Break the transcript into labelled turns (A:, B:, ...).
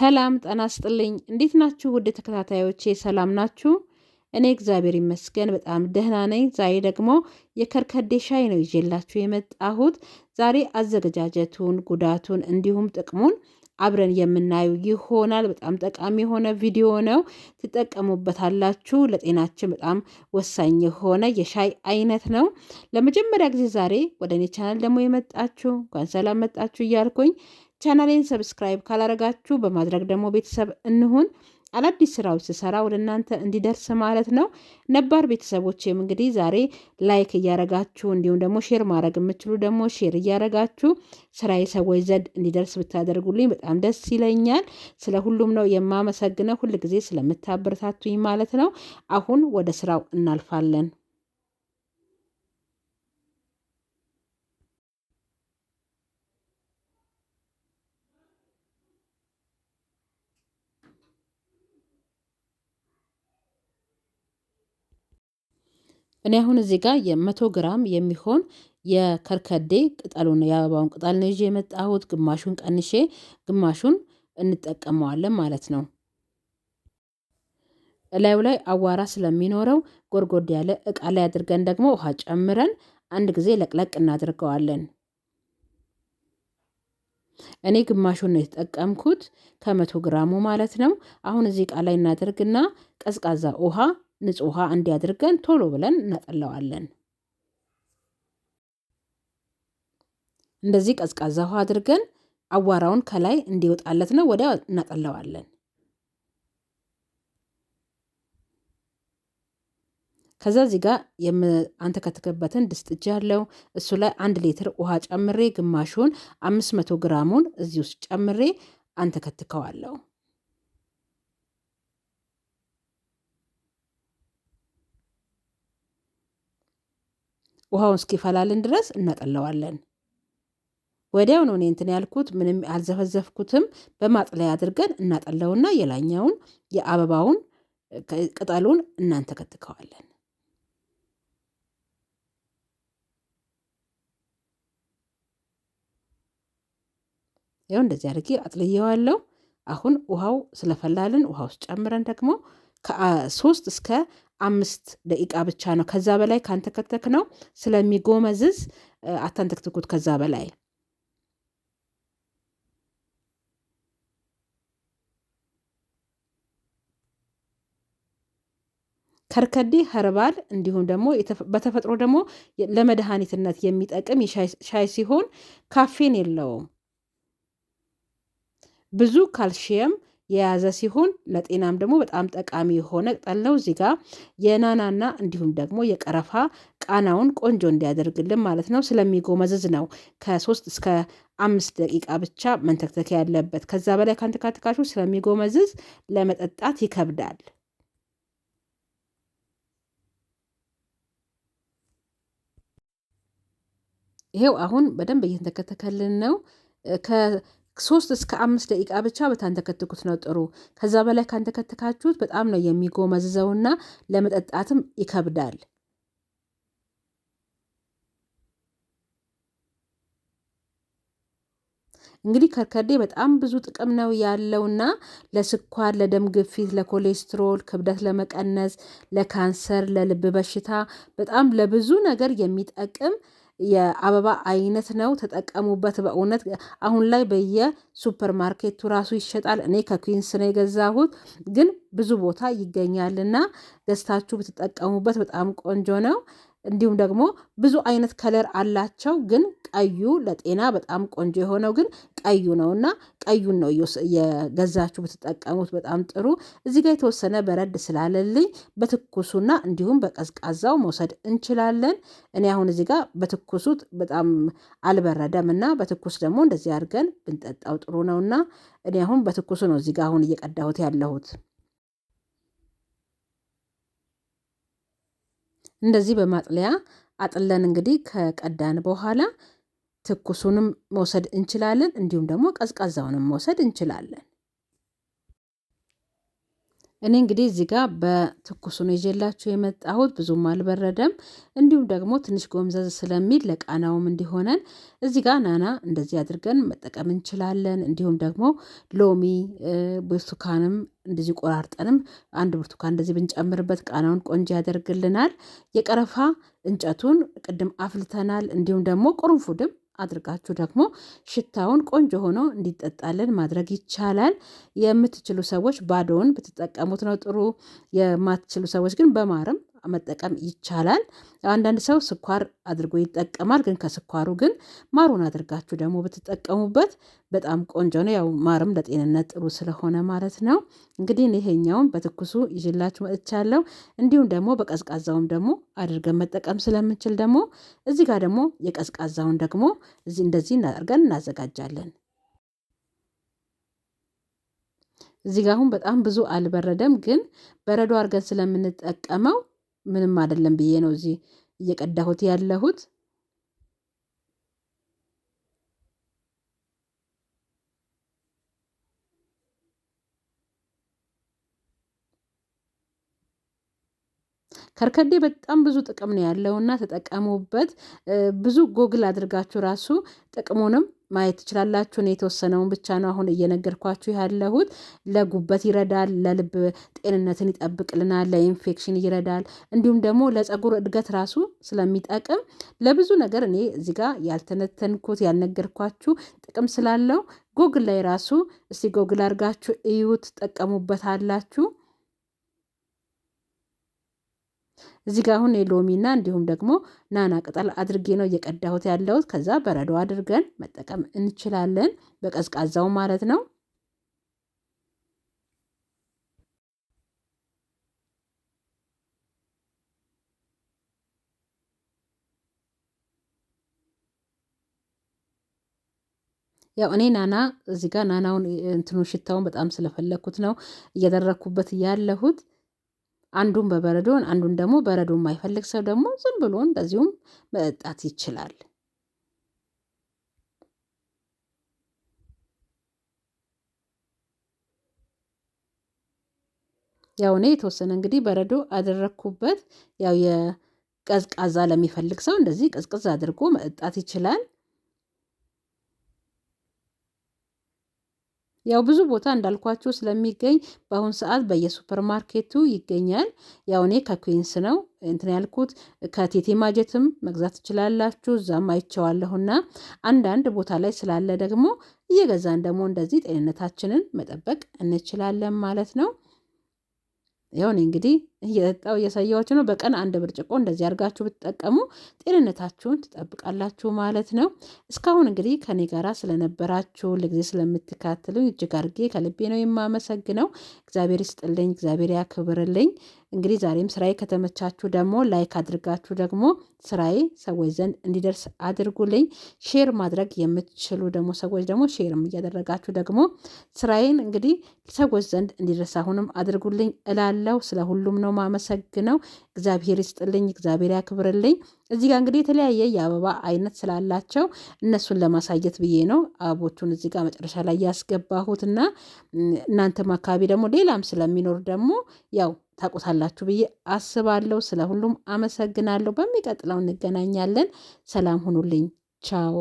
A: ሰላም ጠና ስጥልኝ። እንዴት ናችሁ ውድ ተከታታዮቼ? ሰላም ናችሁ? እኔ እግዚአብሔር ይመስገን በጣም ደህና ነኝ። ዛሬ ደግሞ የከርከዴ ሻይ ነው ይዤላችሁ የመጣሁት። ዛሬ አዘገጃጀቱን፣ ጉዳቱን እንዲሁም ጥቅሙን አብረን የምናየው ይሆናል። በጣም ጠቃሚ የሆነ ቪዲዮ ነው፣ ትጠቀሙበታላችሁ። ለጤናችን በጣም ወሳኝ የሆነ የሻይ አይነት ነው። ለመጀመሪያ ጊዜ ዛሬ ወደ እኔ ቻናል ደግሞ የመጣችሁ እንኳን ሰላም መጣችሁ እያልኩኝ ቻናሌን ሰብስክራይብ ካላረጋችሁ በማድረግ ደግሞ ቤተሰብ እንሁን። አዳዲስ ስራዎች ስሰራ ወደ እናንተ እንዲደርስ ማለት ነው። ነባር ቤተሰቦችም እንግዲህ ዛሬ ላይክ እያረጋችሁ እንዲሁም ደግሞ ሼር ማድረግ የምችሉ ደግሞ ሼር እያረጋችሁ ስራ ሰዎች ዘንድ እንዲደርስ ብታደርጉልኝ በጣም ደስ ይለኛል። ስለ ሁሉም ነው የማመሰግነው፣ ጊዜ ስለምታበረታቱኝ ማለት ነው። አሁን ወደ ስራው እናልፋለን። እኔ አሁን እዚህ ጋር የመቶ ግራም የሚሆን የከርከዴ ቅጠሉን የአበባውን ቅጠል ነው ይዤ የመጣሁት ግማሹን ቀንሼ ግማሹን እንጠቀመዋለን ማለት ነው። እላዩ ላይ አዋራ ስለሚኖረው ጎርጎድ ያለ እቃ ላይ አድርገን ደግሞ ውሃ ጨምረን አንድ ጊዜ ለቅለቅ እናድርገዋለን። እኔ ግማሹን ነው የተጠቀምኩት ከመቶ ግራሙ ማለት ነው። አሁን እዚህ እቃ ላይ እናደርግና ቀዝቃዛ ውሃ ንጹህ ውሃ እንዲያድርገን ቶሎ ብለን እናጠለዋለን። እንደዚህ ቀዝቃዛ ውሃ አድርገን አዋራውን ከላይ እንዲወጣለት ነው ወዲያ እናጠለዋለን። ከዛ እዚህ ጋር አንተከተከበትን ድስት እጅ ያለው እሱ ላይ አንድ ሊትር ውሃ ጨምሬ ግማሹን አምስት መቶ ግራሙን እዚህ ውስጥ ጨምሬ አንተከትከዋለሁ። ውሃውን እስኪፈላልን ድረስ እናጠለዋለን። ወዲያው ነው እኔ እንትን ያልኩት፣ ምንም አልዘፈዘፍኩትም። በማጥለያ አድርገን እናጠለውና የላኛውን የአበባውን ቅጠሉን እናንተከትከዋለን። ያው እንደዚህ አድርጌ አጥልየዋለሁ። አሁን ውሃው ስለፈላልን ውሃ ውስጥ ጨምረን ደግሞ ከሶስት እስከ አምስት ደቂቃ ብቻ ነው። ከዛ በላይ ካንተከተክ ነው ስለሚጎመዝዝ አታንተክትኩት ከዛ በላይ። ከርከዴ ኸርባል እንዲሁም ደግሞ በተፈጥሮ ደግሞ ለመድኃኒትነት የሚጠቅም ሻይ ሲሆን ካፌን የለውም። ብዙ ካልሽየም የያዘ ሲሆን ለጤናም ደግሞ በጣም ጠቃሚ የሆነ ቅጠል ነው። እዚህ ጋ የናናና እንዲሁም ደግሞ የቀረፋ ቃናውን ቆንጆ እንዲያደርግልን ማለት ነው ስለሚጎመዝዝ ነው ከሶስት እስከ አምስት ደቂቃ ብቻ መንተክተክ ያለበት። ከዛ በላይ ካንተካተካችሁ ስለሚጎመዝዝ ለመጠጣት ይከብዳል። ይሄው አሁን በደንብ እየተንተከተከልን ነው። ሶስት እስከ አምስት ደቂቃ ብቻ ብታንተከትኩት ነው ጥሩ። ከዛ በላይ ካንተከትካችሁት በጣም ነው የሚጎመዝዘውና ለመጠጣትም ይከብዳል። እንግዲህ ከርከዴ በጣም ብዙ ጥቅም ነው ያለውና ለስኳር፣ ለደም ግፊት፣ ለኮሌስትሮል፣ ክብደት ለመቀነስ፣ ለካንሰር፣ ለልብ በሽታ በጣም ለብዙ ነገር የሚጠቅም የአበባ አይነት ነው። ተጠቀሙበት። በእውነት አሁን ላይ ሱፐር ማርኬቱ ራሱ ይሸጣል። እኔ ከኩንስ ነው የገዛሁት፣ ግን ብዙ ቦታ ይገኛልና ገዝታችሁ ብትጠቀሙበት በጣም ቆንጆ ነው። እንዲሁም ደግሞ ብዙ አይነት ከለር አላቸው። ግን ቀዩ ለጤና በጣም ቆንጆ የሆነው ግን ቀዩ ነው እና ቀዩን ነው የገዛችሁ ብትጠቀሙት በጣም ጥሩ። እዚህ ጋር የተወሰነ በረድ ስላለልኝ በትኩሱና እንዲሁም በቀዝቃዛው መውሰድ እንችላለን። እኔ አሁን እዚህ ጋር በትኩሱ በጣም አልበረደም እና በትኩስ ደግሞ እንደዚህ አድርገን ብንጠጣው ጥሩ ነውና እኔ አሁን በትኩሱ ነው እዚህ ጋር አሁን እየቀዳሁት ያለሁት። እንደዚህ በማጥለያ አጥለን እንግዲህ ከቀዳን በኋላ ትኩሱንም መውሰድ እንችላለን። እንዲሁም ደግሞ ቀዝቃዛውንም መውሰድ እንችላለን። እኔ እንግዲህ እዚህ ጋር በትኩሱ ነው ይዤላችሁ የመጣሁት ብዙም አልበረደም። እንዲሁም ደግሞ ትንሽ ጎምዘዝ ስለሚል ለቃናውም እንዲሆነን እዚህ ጋር ናና እንደዚህ አድርገን መጠቀም እንችላለን። እንዲሁም ደግሞ ሎሚ፣ ብርቱካንም እንደዚህ ቆራርጠንም አንድ ብርቱካን እንደዚህ ብንጨምርበት ቃናውን ቆንጆ ያደርግልናል። የቀረፋ እንጨቱን ቅድም አፍልተናል። እንዲሁም ደግሞ ቁርንፉድም አድርጋችሁ ደግሞ ሽታውን ቆንጆ ሆኖ እንዲጠጣልን ማድረግ ይቻላል። የምትችሉ ሰዎች ባዶውን ብትጠቀሙት ነው ጥሩ። የማትችሉ ሰዎች ግን በማርም መጠቀም ይቻላል። አንዳንድ ሰው ስኳር አድርጎ ይጠቀማል። ግን ከስኳሩ ግን ማሩን አድርጋችሁ ደግሞ ብትጠቀሙበት በጣም ቆንጆ ነው። ያው ማርም ለጤንነት ጥሩ ስለሆነ ማለት ነው። እንግዲህ ይሄኛውን በትኩሱ ይዤላችሁ መጥቻለሁ። እንዲሁም ደግሞ በቀዝቃዛውም ደግሞ አድርገን መጠቀም ስለምንችል ደግሞ እዚህ ጋር ደግሞ የቀዝቃዛውን ደግሞ እዚህ እንደዚህ አድርገን እናዘጋጃለን። እዚህ ጋር አሁን በጣም ብዙ አልበረደም፣ ግን በረዶ አድርገን ስለምንጠቀመው ምንም አይደለም ብዬ ነው እዚህ እየቀዳሁት ያለሁት። ከርከዴ በጣም ብዙ ጥቅም ነው ያለውና ተጠቀሙበት። ብዙ ጎግል አድርጋችሁ ራሱ ጥቅሙንም ማየት ትችላላችሁ። እኔ የተወሰነውን ብቻ ነው አሁን እየነገርኳችሁ ያለሁት። ለጉበት ይረዳል፣ ለልብ ጤንነትን ይጠብቅልናል፣ ለኢንፌክሽን ይረዳል፣ እንዲሁም ደግሞ ለፀጉር እድገት ራሱ ስለሚጠቅም ለብዙ ነገር እኔ እዚህ ጋር ያልተነተንኩት ያልነገርኳችሁ ጥቅም ስላለው ጎግል ላይ ራሱ እስቲ ጎግል አድርጋችሁ እዩት፣ ትጠቀሙበታላችሁ። እዚህ ጋር አሁን የሎሚና እንዲሁም ደግሞ ናና ቅጠል አድርጌ ነው እየቀዳሁት ያለሁት። ከዛ በረዶ አድርገን መጠቀም እንችላለን፣ በቀዝቃዛው ማለት ነው። ያው እኔ ናና እዚህ ጋር ናናውን እንትኑ ሽታውን በጣም ስለፈለግኩት ነው እያደረግኩበት ያለሁት። አንዱን በበረዶን አንዱን ደግሞ በረዶ የማይፈልግ ሰው ደግሞ ዝም ብሎ እንደዚሁም መጠጣት ይችላል። ያው እኔ የተወሰነ እንግዲህ በረዶ አደረግኩበት። ያው የቀዝቃዛ ለሚፈልግ ሰው እንደዚህ ቀዝቅዝ አድርጎ መጠጣት ይችላል። ያው ብዙ ቦታ እንዳልኳችሁ ስለሚገኝ በአሁን ሰዓት በየሱፐር ማርኬቱ ይገኛል። ያው እኔ ከኩንስ ነው እንትን ያልኩት ከቴቴ ማጀትም መግዛት ትችላላችሁ። እዛም አይቸዋለሁና አንዳንድ ቦታ ላይ ስላለ ደግሞ እየገዛን ደግሞ እንደዚህ ጤንነታችንን መጠበቅ እንችላለን ማለት ነው። ያው እኔ እንግዲህ እየጠጣው እያሳየዋችሁ ነው። በቀን አንድ ብርጭቆ እንደዚህ አድርጋችሁ ብትጠቀሙ ጤንነታችሁን ትጠብቃላችሁ ማለት ነው። እስካሁን እንግዲህ ከኔ ጋራ ስለነበራችሁ ለጊዜ ስለምትካትሉኝ እጅግ አድርጌ ከልቤ ነው የማመሰግነው። እግዚአብሔር ይስጥልኝ፣ እግዚአብሔር ያክብርልኝ። እንግዲህ ዛሬም ስራዬ ከተመቻችሁ ደግሞ ላይክ አድርጋችሁ ደግሞ ስራዬ ሰዎች ዘንድ እንዲደርስ አድርጉልኝ። ሼር ማድረግ የምትችሉ ደግሞ ሰዎች ደግሞ ሼርም እያደረጋችሁ ደግሞ ስራዬን እንግዲህ ሰዎች ዘንድ እንዲደርስ አሁንም አድርጉልኝ እላለው። ስለ ሁሉም ነው ነው ማመሰግነው። እግዚአብሔር ይስጥልኝ፣ እግዚአብሔር ያክብርልኝ። እዚህ ጋር እንግዲህ የተለያየ የአበባ አይነት ስላላቸው እነሱን ለማሳየት ብዬ ነው አበቦቹን እዚህ ጋር መጨረሻ ላይ ያስገባሁት እና እናንተም አካባቢ ደግሞ ሌላም ስለሚኖር ደግሞ ያው ታቆታላችሁ ብዬ አስባለሁ። ስለ ሁሉም አመሰግናለሁ። በሚቀጥለው እንገናኛለን። ሰላም ሁኑልኝ። ቻው